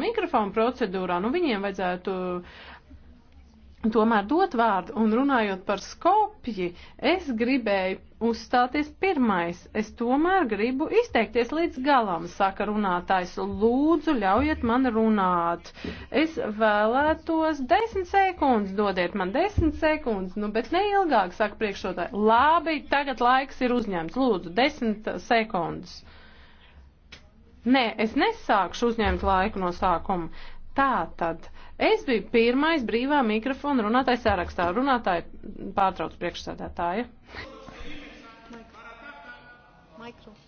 mikrofonu procedūrā, nu viņiem vajadzētu tomēr dot vārdu. Un runājot par skopji, es gribēju uzstāties pirmais. Es tomēr gribu izteikties līdz galam, saka runātājs. Lūdzu, ļaujiet man runāt. Es vēlētos desmit sekundes, dodiet man desmit sekundes, nu, bet neilgāk, saka priekšotāji. Labi, tagad laiks ir uzņemts. Lūdzu, desmit sekundes. Nē, es nesākšu uzņemt laiku no sākuma. Tā tad. Es biju pirmais brīvā mikrofona runātājs sarakstā. Runātāji pārtrauc priekšsēdētāja. Mikro. Mikro.